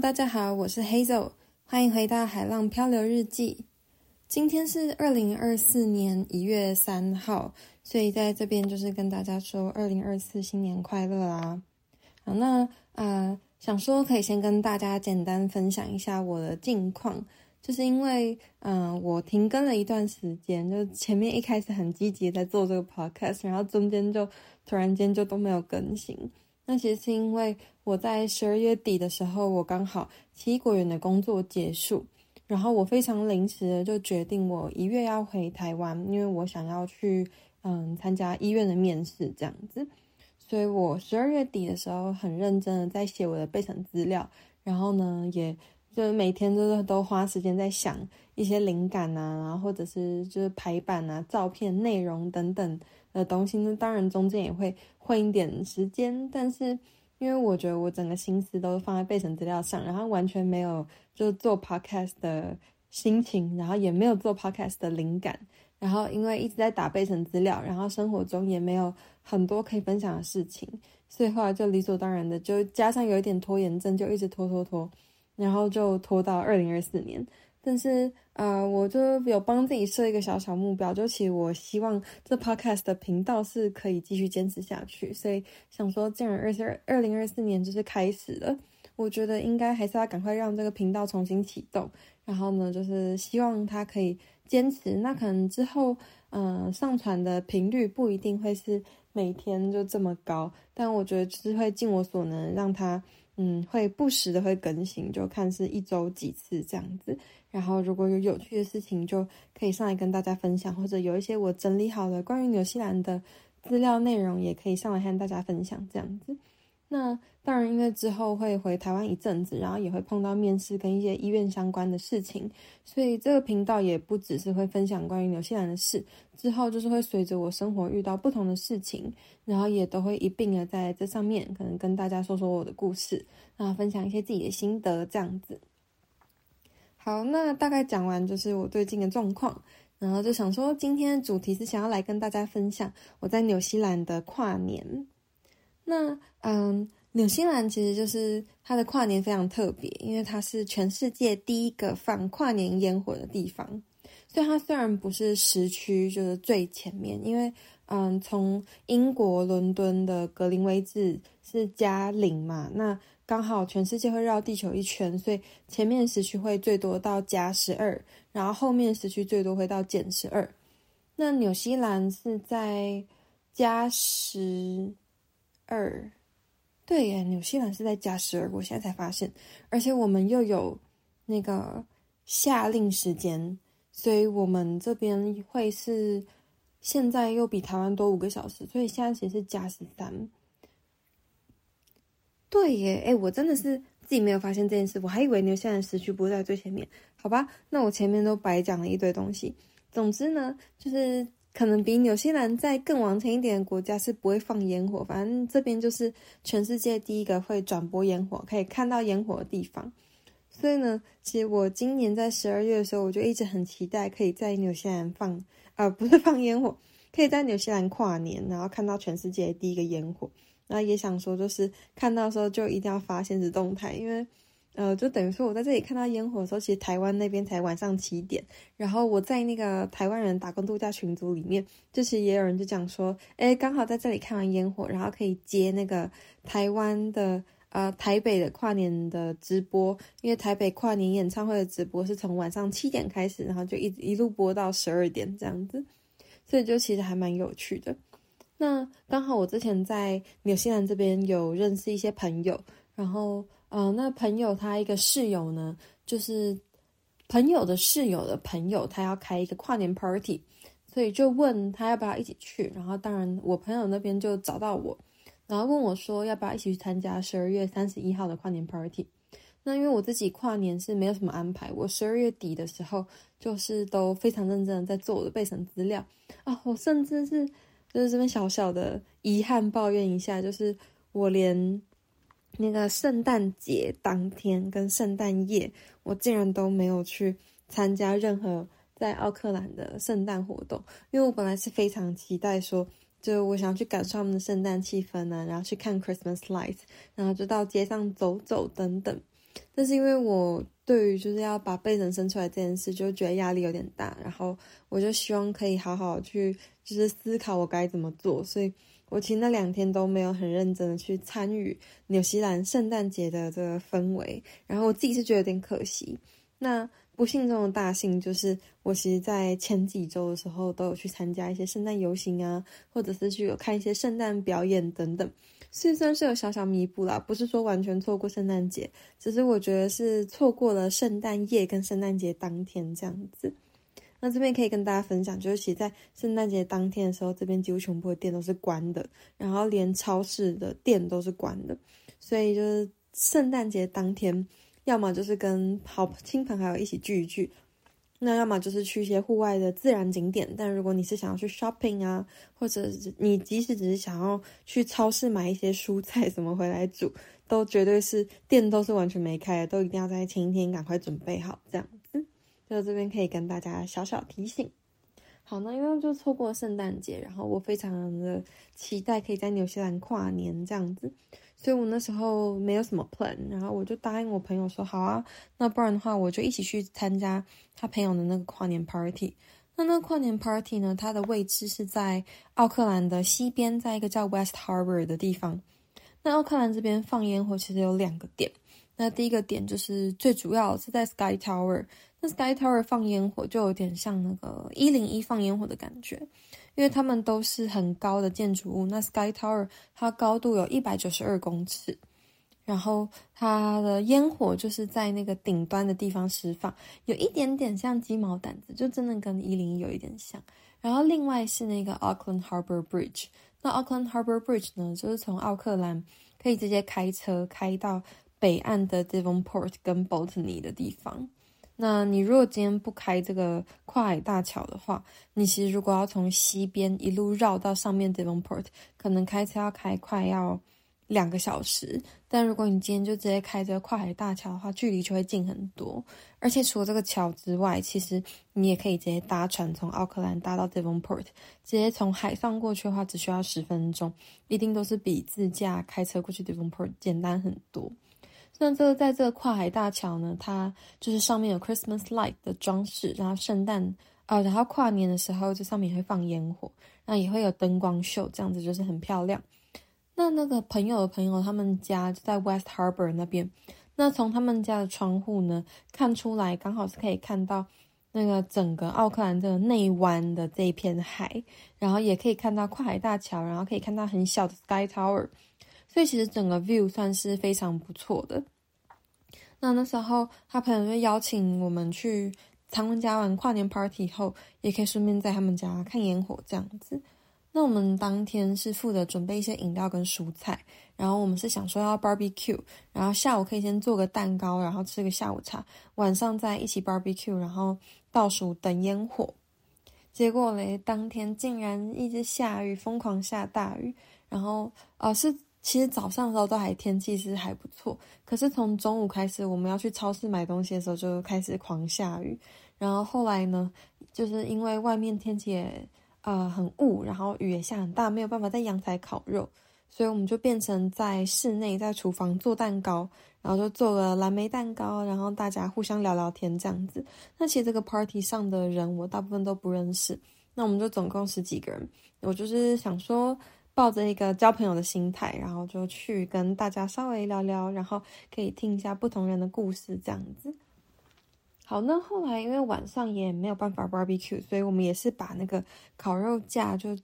大家好，我是 Hazel，歡迎回到《海浪漂流日記》。今天是二零二四年一月三號，所以在這邊就是跟大家說二零二四新年快樂啦！好，那呃，想說可以先跟大家簡單分享一下我的近況，就是因為嗯、呃，我停更了一段時間，就前面一開始很積極在做這個 podcast，然後中間就突然間就都沒有更新。那其實是因為我在十二月底的時候，我剛好奇異果園的工作結束，然後我非常臨時的就決定我一月要回台灣，因為我想要去嗯參加醫院的面試這樣子，所以我十二月底的時候很認真的在寫我的備審資料，然後呢，也就每天都是都花時間在想一些靈感啊，然後或者是就是排版啊、照片、內容等等的東西，那當然中間也會。混一點時間，但是因為我覺得我整個心思都放在備審資料上，然後完全沒有就是做 podcast 的心情，然後也沒有做 podcast 的靈感，然後因為一直在打備審資料，然後生活中也沒有很多可以分享的事情，所以後來就理所當然的，就加上有一點拖延症，就一直拖拖拖，然後就拖到二零二四年，但是。啊、呃，我就有幫自己設一個小小目標，就其實我希望這 Podcast 的頻道是可以繼續堅持下去，所以想說，既然二十二零二四年就是開始了，我覺得應該還是要趕快讓這個頻道重新啟動，然後呢，就是希望它可以堅持。那可能之後，嗯、呃，上傳的頻率不一定會是每天就這麼高，但我覺得就是會盡我所能讓它，嗯，會不時的會更新，就看是一周幾次這樣子。然後，如果有有趣的事情，就可以上來跟大家分享；或者有一些我整理好的關於紐西蘭的資料內容，也可以上來和大家分享這樣子。那當然，因為之後會回台灣一陣子，然後也會碰到面試跟一些醫院相關的事情，所以這個頻道也不只是會分享關於紐西蘭的事，之後就是會隨着我生活遇到不同的事情，然後也都會一併的在這上面可能跟大家說說我的故事，然後分享一些自己的心得這樣子。好，那大概講完就是我最近的狀況，然後就想說，今天的主題是想要來跟大家分享我在紐西蘭的跨年。那嗯，紐西蘭其實就是它的跨年非常特別，因為它是全世界第一個放跨年煙火的地方，所以它雖然不是時區就是最前面，因為。嗯，從英國倫敦的格林威治是加零嘛？那剛好全世界會繞地球一圈，所以前面時區會最多到加十二，然後後面時區最多會到減十二。那紐西蘭是在加十二，對耶，紐西蘭是在加十二。我現在才發現，而且我們又有那個夏令時間，所以我們這邊會是。現在又比台灣多五個小時，所以現在其實是加十三。對耶，誒、欸、我真的是自己沒有發現這件事，我還以為紐西蘭時區不會在最前面。好吧，那我前面都白講了一堆東西。總之呢，就是可能比紐西蘭在更往前一點的國家是不會放煙火，反正這邊就是全世界第一個會轉播煙火、可以看到煙火的地方。所以呢，其實我今年在十二月的時候，我就一直很期待可以在紐西蘭放。啊、呃，不是放煙火，可以在紐西蘭跨年，然後看到全世界第一個煙火。那也想說，就是看到的時候就一定要發限時動態，因為，呃，就等於說我在這裡看到煙火的時候，其實台灣那邊才晚上七點。然後我在那個台灣人打工度假群組裡面，就是也有人就講說，哎，剛好在這裡看完煙火，然後可以接那個台灣的。啊、呃，台北的跨年的直播，因為台北跨年演唱會的直播是從晚上七點開始，然後就一一路播到十二點這樣子，所以就其實還蠻有趣的。那剛好我之前在紐西蘭這邊有認識一些朋友，然後，嗯、呃，那朋友他一個室友呢，就是朋友的室友的朋友，他要開一個跨年 party，所以就問他要不要一起去，然後當然我朋友那邊就找到我。然後問我說：“要不要一起去參加十二月三十一號的跨年 party？” 那因為我自己跨年是沒有什麼安排，我十二月底的時候就是都非常認真的在做我的備審資料啊、哦。我甚至是就是這邊小小的遺憾抱怨一下，就是我連那個聖誕節當天跟聖誕夜，我竟然都沒有去參加任何在奧克蘭的聖誕活動，因為我本來是非常期待說。就我想去感受他們的聖誕氣氛呢、啊，然後去看 Christmas lights，然後就到街上走走等等。但是因為我對於就是要把背影生出來這件事，就覺得壓力有點大，然後我就希望可以好好去就是思考我該怎麼做，所以我其實那兩天都沒有很認真的去參與紐西蘭聖誕節的這個氛圍，然後我自己是覺得有點可惜。那。不幸中的大幸就是，我其實在前幾周的時候都有去參加一些聖誕遊行啊，或者是去有看一些聖誕表演，等等，所以算是有小小彌補啦，不是說完全錯過聖誕節，只是我覺得是錯過了聖誕夜跟聖誕節當天這樣子。那這邊可以跟大家分享，就是其實，在聖誕節當天的時候，這邊幾乎全部的店都是關的，然後連超市的店都是關的，所以就是聖誕節當天，要麼就是跟好親朋好友一起聚一聚，那要麼就是去一些戶外的自然景點。但如果你是想要去 shopping 啊，或者你即使只是想要去超市買一些蔬菜什麼回來煮，都絕對是店都是完全沒開的，都一定要在前一天趕快準備好這樣子。嗯，就這邊可以跟大家小小提醒。好，那因為就錯過聖誕節，然後我非常的期待可以在紐西蘭跨年這樣子，所以我那時候沒有什麼 plan，然後我就答應我朋友說好啊，那不然的話我就一起去參加他朋友的那個跨年 party。那那個跨年 party 呢，它的位置是在奧克蘭的西邊，在一個叫 West Harbour 的地方。那奧克蘭這邊放煙火其實有兩個點，那第一個點就是最主要是在 Sky Tower。Sky Tower 放煙火就有點像那個一零一放煙火的感覺，因為他們都是很高的建築物。那 Sky Tower 它高度有一百九十二公尺，然後它的煙火就是在那個頂端的地方釋放，有一點點像雞毛掸子，就真的跟一零一有一點像。然後另外是那個 Auckland Harbour Bridge，那 Auckland Harbour Bridge 呢，就是從奧克蘭可以直接開車開到北岸的 Devonport 跟 Botany 的地方。那你如果今天不開這個跨海大橋的話，你其實如果要從西邊一路繞到上面 Devonport，可能開車要開快要兩個小時。但如果你今天就直接開着跨海大橋的話，距離就會近很多。而且除了這個橋之外，其實你也可以直接搭船從奧克蘭搭到 Devonport，直接從海上過去的話，只需要十分鐘，一定都是比自駕開車過去 Devonport 簡單很多。那這個在這個跨海大橋呢，它就是上面有 Christmas light 的裝飾，然後聖誕啊、呃，然後跨年的時候，這上面也會放煙火，那也會有燈光秀，這樣子就是很漂亮。那那個朋友的朋友，他們家就在 West Harbour 那邊，那從他們家的窗戶呢，看出來剛好是可以看到那個整個奧克蘭的內灣的這一片海，然後也可以看到跨海大橋，然後可以看到很小的 Sky Tower。所以其實整個 view 算是非常不錯的。那那時候他朋友就邀請我們去他們家玩跨年 party 以後，也可以順便在他們家看煙火這樣子。那我們當天是負責準備一些飲料跟蔬菜，然後我們是想說要 barbecue，然後下午可以先做個蛋糕，然後吃個下午茶，晚上再一起 barbecue，然後倒數等煙火。結果嘞，當天竟然一直下雨，瘋狂下大雨，然後呃、啊、是。其實早上的時候都還，天氣是還不錯，可是從中午開始，我們要去超市買東西的時候就開始狂下雨。然後後來呢，就是因為外面天氣也呃很霧，然後雨也下很大，沒有辦法在陽台烤肉，所以我們就變成在室內，在廚房做蛋糕，然後就做了藍莓蛋糕，然後大家互相聊聊天這樣子。那其實這個 party 上的人，我大部分都不認識。那我們就總共十幾個人，我就是想說。抱着一個交朋友的心態，然後就去跟大家稍微聊聊，然後可以聽一下不同人的故事，這樣子。好，那後來因為晚上也沒有辦法 barbecue，所以我們也是把那個烤肉架就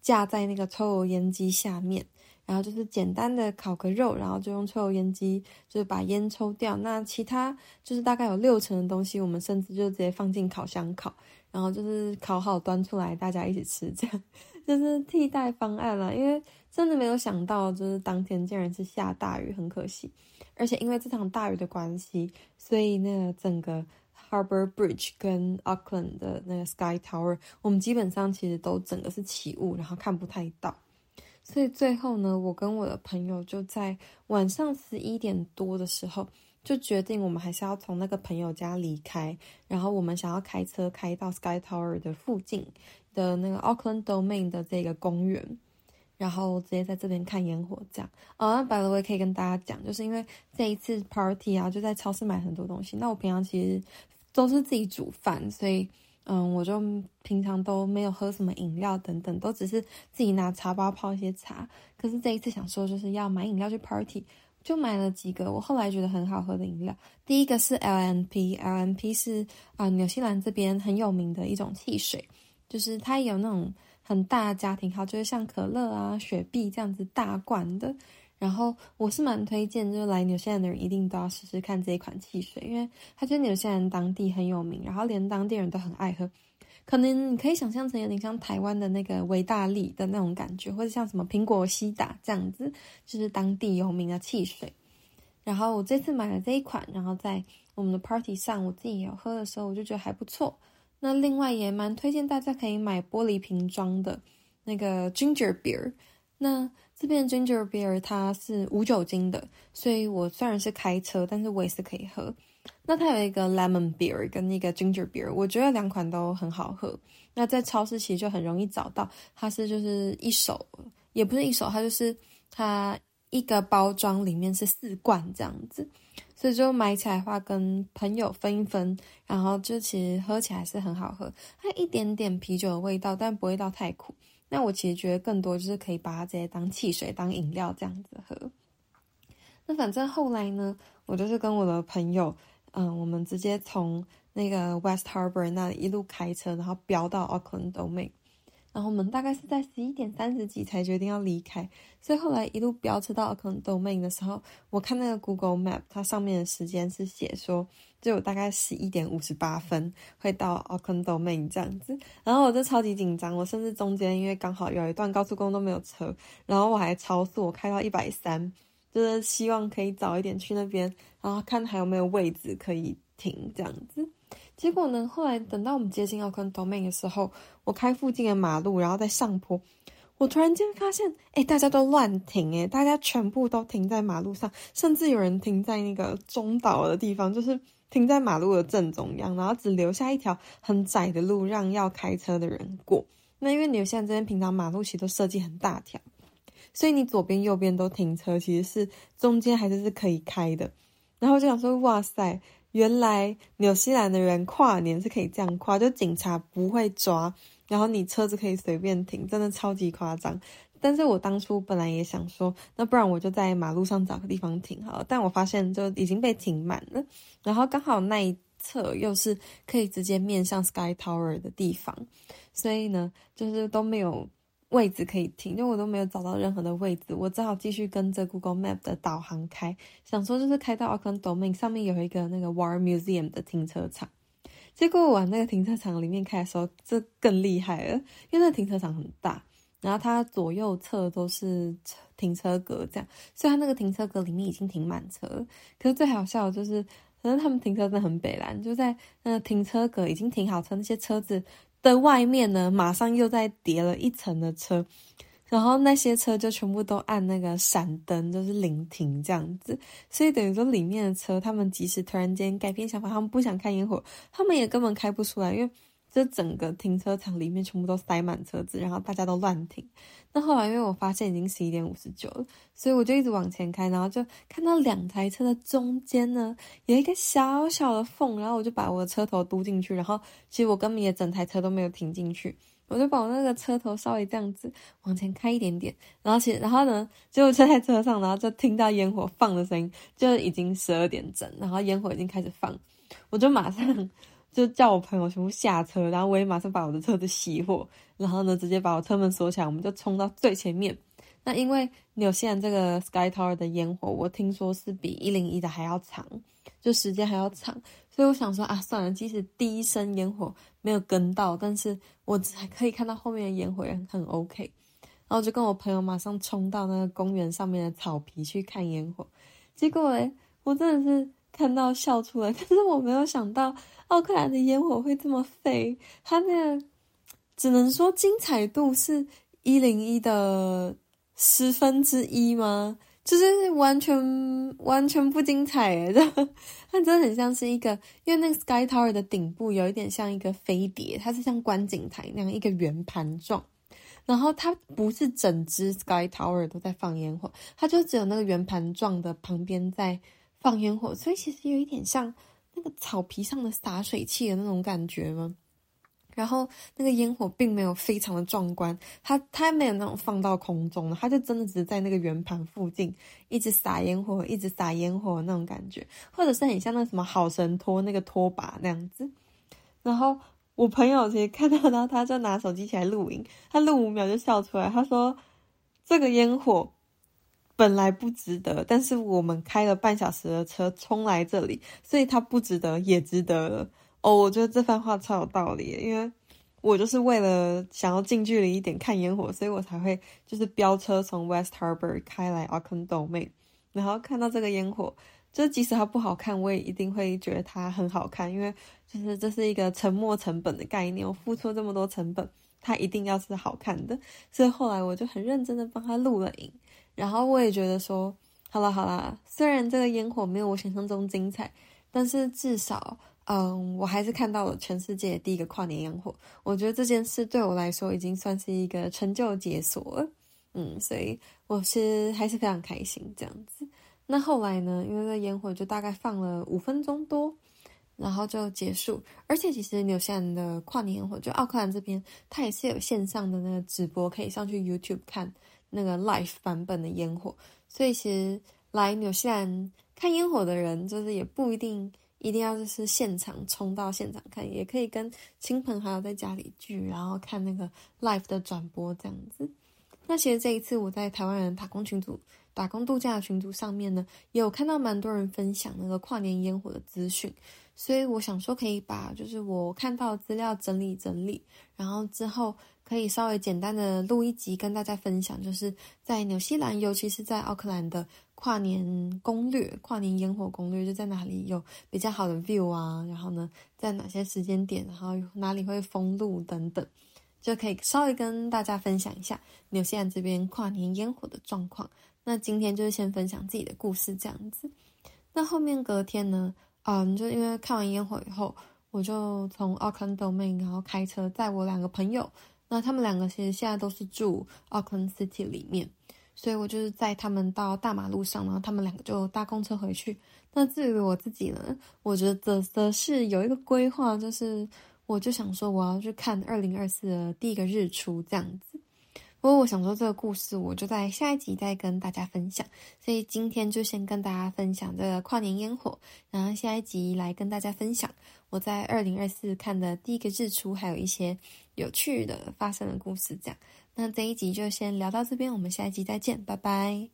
架在那個抽油煙機下面，然後就是簡單的烤個肉，然後就用抽油煙機就是把煙抽掉。那其他就是大概有六成的東西，我們甚至就直接放進烤箱烤，然後就是烤好端出來大家一起吃這樣。就是替代方案了，因為真的沒有想到，就是當天竟然是下大雨，很可惜。而且因為這場大雨的關係，所以那整個 Harbour Bridge 跟 Auckland 的那個 Sky Tower，我們基本上其實都整個是起霧，然後看不太到。所以最後呢，我跟我的朋友就在晚上十一點多的時候，就決定我們還是要從那個朋友家離開，然後我們想要開車開到 Sky Tower 的附近的那個 Auckland Domain 的這個公園，然後直接在這邊看煙火這樣。啊，by the way 也可以跟大家講，就是因為這一次 party 啊，就在超市買很多東西。那我平常其實都是自己煮飯，所以嗯，我就平常都沒有喝什麼飲料等等，都只是自己拿茶包泡一些茶。可是這一次想說就是要買飲料去 party。就買了幾個我後來覺得很好喝的飲料，第一個是 LNP，LNP LNP 是啊紐西蘭這邊很有名的一種汽水，就是它有那種很大家庭號，就是像可樂啊、雪碧這樣子大罐的。然後我是蠻推薦，就是來紐西蘭的人一定都要試試看這一款汽水，因為它在紐西蘭當地很有名，然後連當地人都很愛喝。可能你可以想象成有點像台灣的那個維大利的那種感覺，或者像什麼蘋果西打這樣子，就是當地有名的汽水。然後我這次買了這一款，然後在我們的 party 上我自己要喝的時候，我就覺得還不錯。那另外也蠻推薦大家可以買玻璃瓶裝的那個 ginger beer。那這邊 ginger beer 它是無酒精的，所以我雖然是開車，但是我也是可以喝。那它有一個 lemon beer 跟那個 ginger beer，我覺得兩款都很好喝。那在超市其實就很容易找到，它是就是一手，也不是一手，它就是它一個包裝裡面是四罐這樣子，所以就買起來的話跟朋友分一分，然後就其實喝起來是很好喝，它一點點啤酒的味道，但不會到太苦。那我其實覺得更多就是可以把它直接當汽水、當飲料這樣子喝。那反正後來呢，我就是跟我的朋友。嗯，我們直接從那個 West Harbour 那一路開車，然後飆到 Auckland Domain，然後我們大概是在十一點三十幾才決定要離開。所以後來一路飆車到 Auckland Domain 的時候，我看那個 Google Map，它上面的時間是寫說，就大概十一點五十八分會到 Auckland Domain 這樣子。然後我就超級緊張，我甚至中間因為剛好有一段高速公路都沒有車，然後我還超速，我開到一百三。就是希望可以早一點去那邊，然後看還有沒有位置可以停這樣子。結果呢，後來等到我們接近奧克蘭 Domain 的時候，我開附近的馬路，然後在上坡，我突然間發現，哎、欸，大家都亂停，哎，大家全部都停在馬路上，甚至有人停在那個中島的地方，就是停在馬路的正中央，然後只留下一條很窄的路讓要開車的人過。那因為你現在這邊平常馬路其實都設計很大條。所以你左邊、右邊都停車，其實是中間還是是可以開的。然後我就想說，哇塞，原來紐西蘭的人跨年是可以這樣跨，就警察不會抓，然後你車子可以隨便停，真的超級誇張。但是我當初本來也想說，那不然我就在馬路上找個地方停好了，但我發現就已經被停滿了。然後剛好那一側又是可以直接面向 Sky Tower 的地方，所以呢，就是都沒有。位置可以停，因為我都沒有找到任何的位置，我只好繼續跟着 Google Map 的導航開，想說就是開到 Auckland Domain 上面有一個那個 War Museum 的停車場。結果我往那個停車場裡面開的時候，這更厲害了，因為那個停車場很大，然後它左右側都是停車格這樣，所以它那個停車格裡面已經停滿車。可是最好笑的就是，反正他們停車真的很北爛，就在那個停車格已經停好車，那些車子。在外面呢，馬上又在疊了一層的車，然後那些車就全部都按那個閃燈，就是臨停這樣子，所以等於說裡面的車，他們即使突然間改變想法，他們不想看煙火，他們也根本開不出來，因為。就整個停車場裡面全部都塞滿車子，然後大家都亂停。那後來因為我發現已經十一點五十九了，所以我就一直往前開，然後就看到兩台車的中間呢，有一個小小的縫，然後我就把我的車頭嘟進去。然後其實我根本也整台車都沒有停進去，我就把我那個車頭稍微這樣子往前開一點點。然後其實然後呢，結果車在車上，然後就聽到煙火放的聲音，就已經十二點整，然後煙火已經開始放，我就馬上。就叫我朋友全部下車，然後我也馬上把我的車子熄火，然後呢，直接把我車門鎖起來，我們就衝到最前面。那因為紐西蘭這個 Sky Tower 的煙火，我聽說是比一零一的還要長，就時間還要長，所以我想說啊，算了，即使第一聲煙火沒有跟到，但是我只還可以看到後面的煙火也很 OK。然後就跟我朋友馬上衝到那個公園上面的草皮去看煙火，結果誒、欸，我真的是看到笑出來，可是我沒有想到。奧克蘭的煙火會這麼廢？它那只能說精彩度是一零一的十分之一嗎？就是完全完全不精彩哎！這，它真的很像是一個，因為那個 Sky Tower 的頂部有一點像一個飛碟，它是像觀景臺那樣一個圓盤狀。然後它不是整只 Sky Tower 都在放煙火，它就只有那個圓盤狀的旁邊在放煙火，所以其實有一點像。那個草皮上的灑水器的那種感覺嗎？然後那個煙火並沒有非常的壯觀，它它沒有那種放到空中，它就真的只是在那個圓盤附近，一直撒煙火，一直撒煙火那種感覺，或者是很像那什麼好神拖那個拖把那樣子。然後我朋友其實看到他，他就拿手機起來錄影，他錄五秒就笑出來，他說這個煙火。本來不值得，但是我們開了半小時的車衝來這裡，所以它不值得也值得了哦。我覺得這番話超有道理，因為我就是為了想要近距離一點看煙火，所以我才會就是飆車從 West Harbour 開來 Auckland Domain，然後看到這個煙火，就即使它不好看，我也一定會覺得它很好看，因為就是這是一個沉沒成本的概念，我付出這麼多成本，它一定要是好看的。所以後來我就很認真的幫他錄了影。然後我也覺得說，好了好了，雖然這個煙火沒有我想象中精彩，但是至少，嗯，我還是看到了全世界第一個跨年煙火。我覺得這件事對我來說已經算是一個成就解鎖了，嗯，所以我其實還是非常開心這樣子。那後來呢，因為那煙火就大概放了五分鐘多，然後就結束。而且其實紐西蘭的跨年煙火，就奧克蘭這邊，它也是有線上的那個直播，可以上去 YouTube 看。那個 live 版本的煙火，所以其實來紐西蘭看煙火的人，就是也不一定一定要就是現場衝到現場看，也可以跟親朋好友在家裡聚，然後看那個 live 的轉播這樣子。那其實這一次我在台灣人打工群組打工度假的群組上面呢，也有看到蠻多人分享那個跨年煙火的資訊，所以我想說可以把就是我看到的資料整理整理，然後之後可以稍微簡單的錄一集跟大家分享，就是在紐西蘭，尤其是在奧克蘭的跨年攻略、跨年煙火攻略，就在哪裡有比較好的 view 啊，然後呢，在哪些時間點，然後哪裡會封路等等，就可以稍微跟大家分享一下紐西蘭這邊跨年煙火的狀況。那今天就是先分享自己的故事這樣子。那後面隔天呢，嗯，就因為看完煙火以後，我就從 Auckland Domain 然後開車，載我兩個朋友，那他們兩個其實現在都是住 Auckland City 裡面，所以我就是載他們到大馬路上，然後他們兩個就搭公車回去。那至於我自己呢，我覺得的是有一個規劃，就是我就想說我要去看二零二四的第一個日出這樣子。不過我想說這個故事，我就在下一集再跟大家分享，所以今天就先跟大家分享這個跨年煙火，然後下一集來跟大家分享我在二零二四看的第一個日出，還有一些有趣的發生的故事。這樣，那這一集就先聊到這邊，我們下一集再見，拜拜！